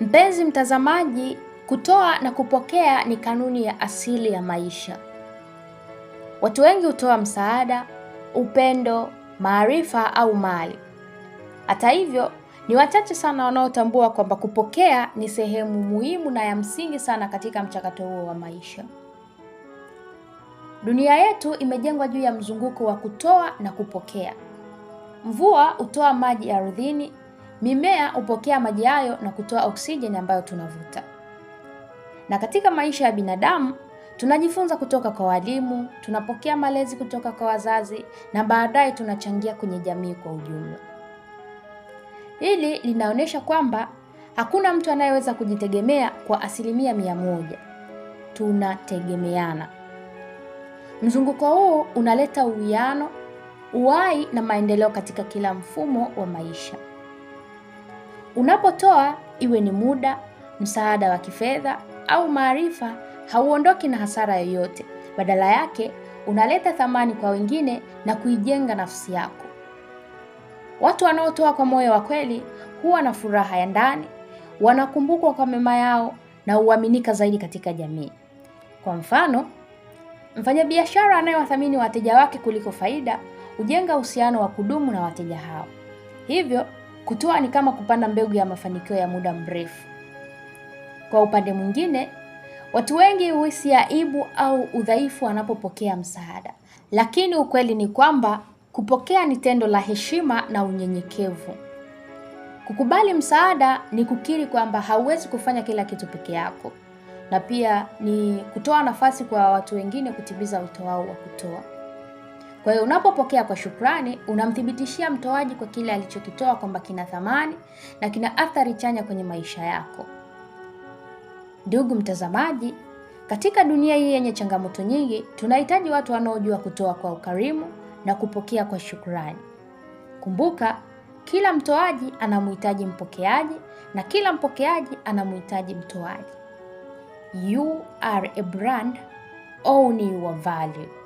Mpenzi mtazamaji, kutoa na kupokea ni kanuni ya asili ya maisha. Watu wengi hutoa msaada, upendo, maarifa au mali. Hata hivyo, ni wachache sana wanaotambua kwamba kupokea ni sehemu muhimu na ya msingi sana katika mchakato huo wa maisha. Dunia yetu imejengwa juu ya mzunguko wa kutoa na kupokea. Mvua hutoa maji ardhini, Mimea hupokea maji hayo na kutoa oksijeni ambayo tunavuta. Na katika maisha ya binadamu tunajifunza kutoka kwa walimu, tunapokea malezi kutoka kwa wazazi na baadaye tunachangia kwenye jamii kwa ujumla. Hili linaonyesha kwamba hakuna mtu anayeweza kujitegemea kwa asilimia mia moja. Tunategemeana. Mzunguko huu unaleta uwiano, uhai na maendeleo katika kila mfumo wa maisha. Unapotoa iwe ni muda, msaada wa kifedha au maarifa, hauondoki na hasara yoyote. Badala yake, unaleta thamani kwa wengine na kuijenga nafsi yako. Watu wanaotoa kwa moyo wa kweli huwa na furaha ya ndani, wanakumbukwa kwa mema yao na huaminika zaidi katika jamii. Kwa mfano, mfanyabiashara anayewathamini wateja wake kuliko faida hujenga uhusiano wa kudumu na wateja hao. Hivyo kutoa ni kama kupanda mbegu ya mafanikio ya muda mrefu. Kwa upande mwingine, watu wengi huhisi aibu au udhaifu wanapopokea msaada, lakini ukweli ni kwamba kupokea ni tendo la heshima na unyenyekevu. Kukubali msaada ni kukiri kwamba hauwezi kufanya kila kitu peke yako, na pia ni kutoa nafasi kwa watu wengine kutimiza wito wao wa kutoa. Kwa hiyo unapopokea kwa shukrani, unamthibitishia mtoaji kwa kile alichokitoa kwamba kina thamani na kina athari chanya kwenye maisha yako. Ndugu mtazamaji, katika dunia hii yenye changamoto nyingi, tunahitaji watu wanaojua kutoa kwa ukarimu na kupokea kwa shukrani. Kumbuka, kila mtoaji anamhitaji mpokeaji na kila mpokeaji anamhitaji mtoaji. You are a brand, own your value.